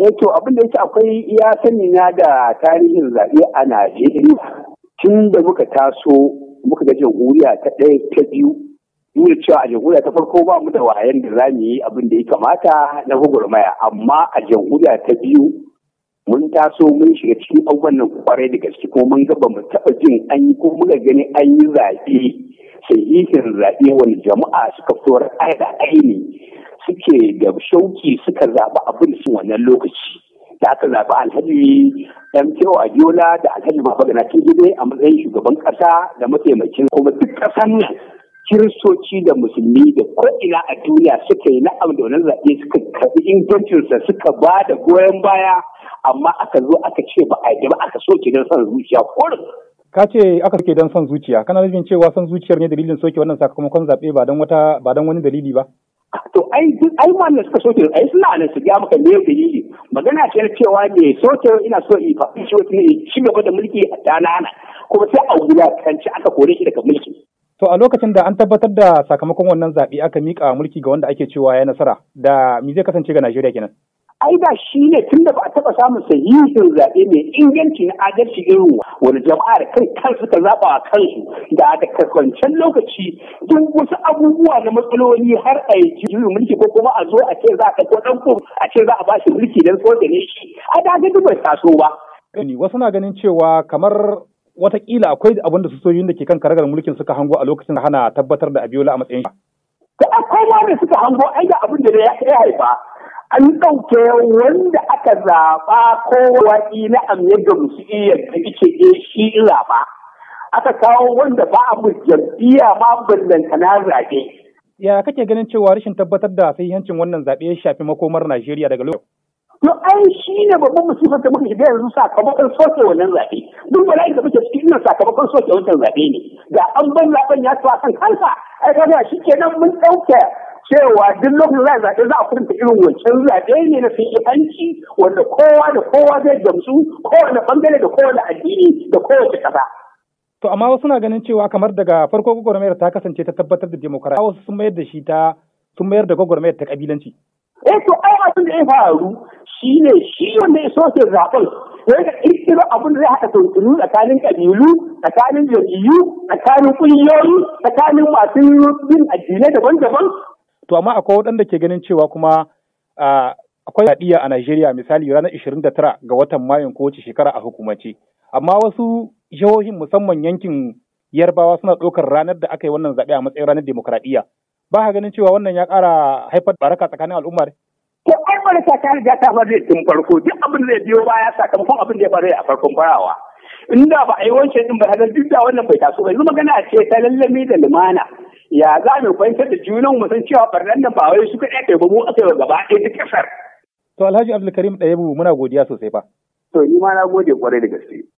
eh to abin da yake akwai ya sani na da tarihin zaɓe a Najeriya tun da muka taso muka ga jamhuriya ta ɗaya ta biyu duk cewa a jamhuriya ta farko ba mu da wayan da za mu yi abin da ya kamata na gwagwarmaya amma a jamhuriya ta biyu mun taso mun shiga cikin abubuwan nan kwarai da gaske ko mun ga mu taɓa jin an yi ko muka gani an yi zaɓe sahihin zaɓe wani jama'a suka fito ra'ayi da aini suke da shauki suka zaɓi abin su wannan lokaci da aka zaɓi alhaji mko adiola da alhaji babagana tunjide a matsayin shugaban ƙasa da mataimakin kuma duk ƙasan nan kiristoci da musulmi da ko'ina a duniya suka yi na'am da wannan zaɓe suka karɓi ingancinsa suka ba da goyon baya amma aka zo aka ce ba a yi ba aka soke don son zuciya kurin ka ce aka soke don son zuciya kana nufin cewa son zuciyar ne dalilin soke wannan sakamakon zaɓe ba don wani dalili ba to ai duk ai wannan suka soke ai suna nan su ga maka ne yake yi magana ce cewa me soke ina so in faɗi shi wata shi ne da mulki a tanana kuma sai a kance aka kore shi daga mulki to a lokacin da an tabbatar da sakamakon wannan zaɓe aka mika mulki ga wanda ake cewa ya nasara da me zai kasance ga Najeriya kenan ai da shi ne tun da ba a taɓa samun sahihin zaɓe mai inganci na adalci irin wani jama'a da kan suka zaba zaɓa a kansu da a kwanciyar lokaci duk wasu abubuwa na matsaloli har a yi juyin mulki ko kuma a zo a ce za a ɗauko ɗan ko a ce za a ba shi mulki don so da ne shi a da duk bai taso ba. wasu na ganin cewa kamar watakila akwai abin da sojojin da ke kan karagar mulkin suka hango a lokacin hana tabbatar da abiola a matsayin shi. akwai ma suka hango ai da abin da ya haifa an ɗauke wanda aka zaɓa ko waƙi na amyadda musu iya da ike e shi ba, aka kawo wanda ba a jam'iyya ma ballantana zaɓe. Ya kake ganin cewa rashin tabbatar da sahihancin wannan zaɓe ya shafi makomar Najeriya daga lokacin? To ai shi ne babban musifar da muka shiga yanzu sakamakon soke wannan zaɓe. Duk bala'in da muke cikin nan sakamakon soke wannan zaɓe ne. Da an ban zaɓen ya tuwa kan kansa. Ai kaga shi kenan mun ɗauke cewa duk lokacin za a zaɓe za a kunta irin wancan zaɓe ne na hanci wanda kowa da kowa zai gamsu kowane bangare da kowane addini da kowace ƙasa. To amma wasu na ganin cewa kamar daga farko gwagwarmayar ta kasance ta tabbatar da demokarasi wasu sun mayar da shi ta sun mayar da gwagwarmayar ta kabilanci. Eh to ai abin da ya faru shi ne shi wanda ya so ke zaɓen sai da ƙirƙiro abin da zai haɗa tuntunu tsakanin ƙabilu tsakanin jam'iyyu tsakanin ƙungiyoyi tsakanin masu yin addinai daban-daban to amma akwai waɗanda ke ganin cewa kuma akwai yaɗiya a Najeriya misali ranar 29 ga watan Mayun wace shekara a hukumance amma wasu jihohin musamman yankin Yarbawa suna ɗaukar ranar da aka yi wannan zaɓe a matsayin ranar demokradiyya ba ka ganin cewa wannan ya ƙara haifar baraka tsakanin al'ummar to ai wani tsakanin da ta bari tun farko duk abin da ya biyo baya sakamakon abin da ya faru a farkon farawa inda ba a yi wancan din ba duk da wannan bai taso ba yanzu magana ce ta lallami da lumana ya za mu fahimtar da junan mu san cewa barnan nan ba wai su kaɗai kai ba mu aka yi gaba ɗaya ta kasar To Alhaji Abdulkarim ɗaya muna godiya sosai fa. To ni ma na gode kwarai da gaske.